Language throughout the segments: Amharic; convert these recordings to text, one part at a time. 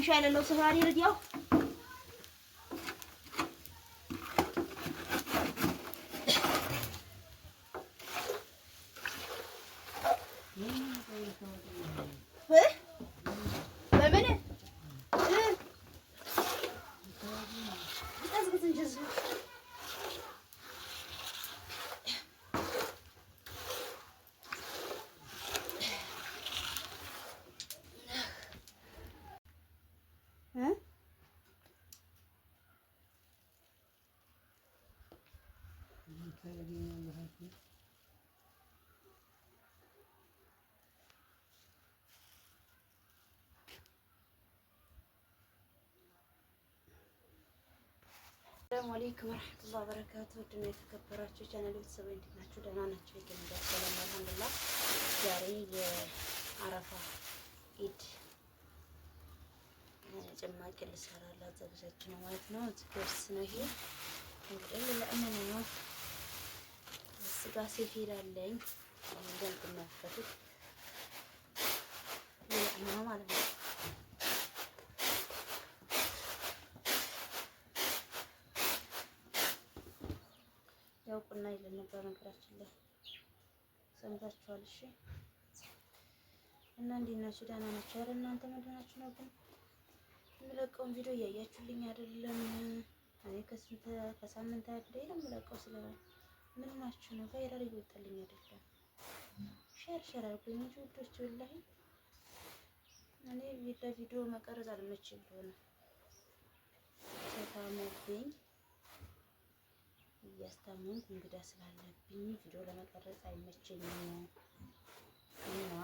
ማንሻ የሌለው ስፋሪ ርዲያው በምን ሰላም አለይኩም ወራህመቱላሂ ወበረካቱ። ውድና የተከበራችሁ ቻናል ቤተሰቦች እንዴት ናችሁ? ደህና ናችሁ? ይገኛል ሰላም አልሐምዱሊላህ። ዛሬ የአረፋ ኢድ ጭማቂ ልሰራ ላዘጋጃችሁ ነው ማለት ነው። ዝግጅት ነው ይሄ እንግዲህ ለእምነ ነው ስጋ ስፌድ አለኝ ገልጥ የሚያፈቱት ሌላኛው ማለት ነው። ያው ቁና ይለን ነበር ነገራችን ላይ ሰምታችኋል። እሺ እና እንዴት ናችሁ? ደህና ናችሁ? ኧረ እናንተ ምንድን ነው ግን የምለቀውን ቪዲዮ እያያችሁልኝ አይደለም? እኔ ከስንት ከሳምንት ያክል ነው የምለቀው ስለ ምን ናችሁ ነው ቫይራል እየወጣልኝ አይደለም? ሼር ሼር አድርጉኝ እንጂ ውዶች፣ ወላሂ እኔ ለቪዲዮ መቀረጽ አልመችም ሆነ ተታመብኝ እያስታመምኩ እንግዳ ስላለብኝ ቪዲዮ ለመቀረጽ አይመቸኝም እና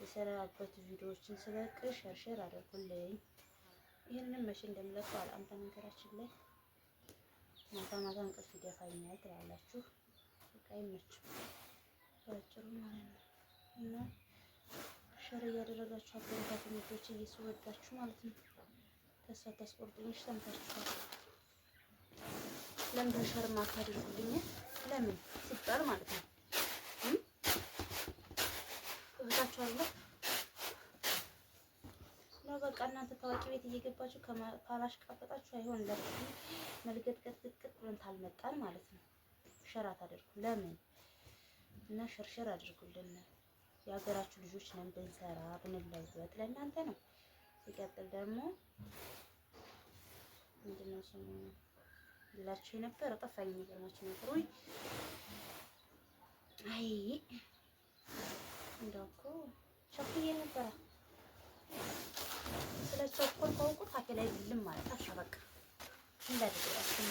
የሰራበት ቪዲዮዎችን ስለቅ ሸርሸር አድርጉልኝ። ይህንን መቼ እንደምለቀው አላምተ ነገራችን ላይ ማታ ማታ እንቅልፍ ይደፋኛል ትላላችሁ። በቃ ይመችው ባጭሩ ማለት ነው። እና ሸር እያደረጋችሁ አበረታት ምቶች እየስወዳችሁ ማለት ነው። ተስፋ ታስቆርጡልሽ ሰምታችኋል። ለምን ሸር ማታደርጉልኝ? ለምን ሲባል ማለት ነው እህታችኋለሁ ነው። በቃ እናንተ ታዋቂ ቤት እየገባችሁ ከፓላሽ ቃበጣችሁ አይሆን ለምን መልገጥቀጥ ቅጥቅጥ ብለን ታልመጣን ማለት ነው። ሸር አታደርጉ ለምን እና ሸርሸር አድርጉልን። የሀገራችሁ ልጆች ነን፣ ብንሰራ ብንለወጥ ለእናንተ ነው። ሲቀጥል ደግሞ ምንድነው ስሙ ብላችሁ የነበረ ጠፋኝ። የሚገርማችሁ ነገር ወይ አይ እንደው እኮ ቸኩዬ ነበረ ላይ ልም ማለት አሻ በቃ እንዳትደያችሁ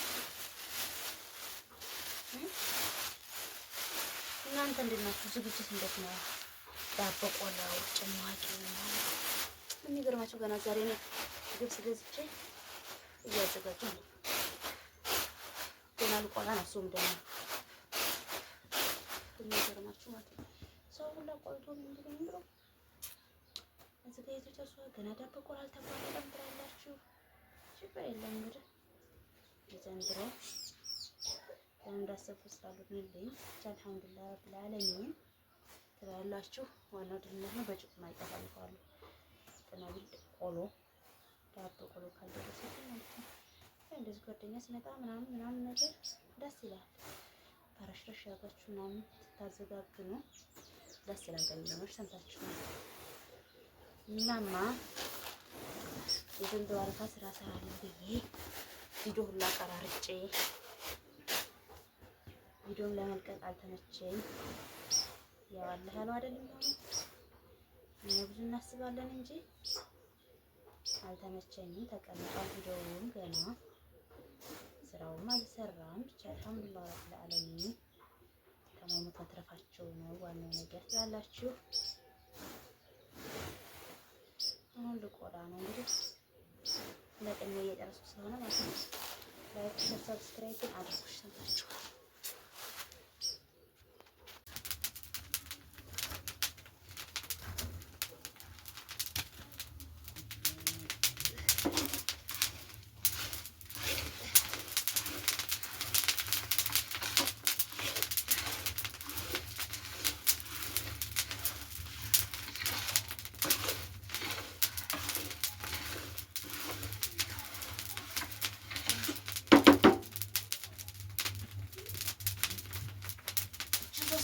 እናንተ እንደት ናችሁ? ዝግጅት እንዴት ነው? ዳቦ ቆላው ጭማቂ ማለት የሚገርማችሁ ገና ዛሬ ነው ግብስ ገዝቼ እያዘጋጀሁ ነው። ገና ልቆላ ነው። እሱም ደግሞ የሚገርማችሁ ማለት ነው ሰው ሁላ ቆልቶ ነው ብላለች ገና ገና ደብቆን አልተቋረጠም ብላላችሁ። ችግር የለም እንግዲህ የዘንድሮ እንዳሰብኩት ስላልሆነልኝ ብቻ አልሐምዱሊላህ ረብል ዓለሚን ትላላችሁ። ዋናው ድህነት ነው። በጭቁማ ይጠፋልፋሉ ጥናብል ቆሎ ዳቦ ቆሎ ካልደረሰ ማለት ነው። እንደዚህ ጓደኛ ሲመጣ ምናምን ምናምን ነገር ደስ ይላል። ተረሽረሽ ያጋችሁ ምናምን ስታዘጋጁ ደስ ይላል። ገሚ ሰምታችሁ ነው እናማ የዘንዶ አረፋ ስራ ሰራለሁ ብዬ ቪዲዮ ሁላ ቀራርጬ ቪዲዮም ለመልቀቅ አልተመቸኝ። ያው አለ ያለው አይደለም እኛ ብዙ እናስባለን እንጂ አልተመቸኝም። ተቀምጧል ቪዲዮውም ገና ስራውም አልሰራም። ብቻ አልሐምዱሊላህ ረብል ዓለሚን ከመሞት መትረፋቸው ነው ዋናው ነገር ስላላችሁ አሁን ልቆላ ነው እንግዲህ ለቀኝ እየጨረስኩ ስለሆነ ማለት ነው። ላይክ ሰብስክራይብ አድርጉ። ሰምታችኋል።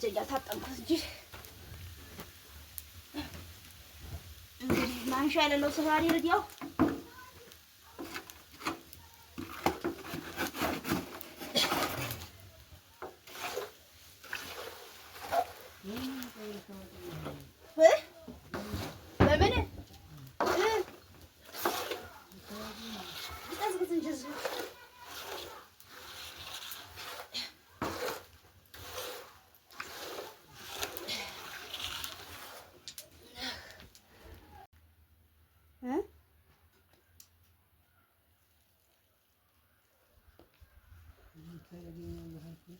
ደረጃ እያታጠንኩት እንጂ እንግዲህ ማንሻ የሌለው ስራ ያው Hikaye bilmem ne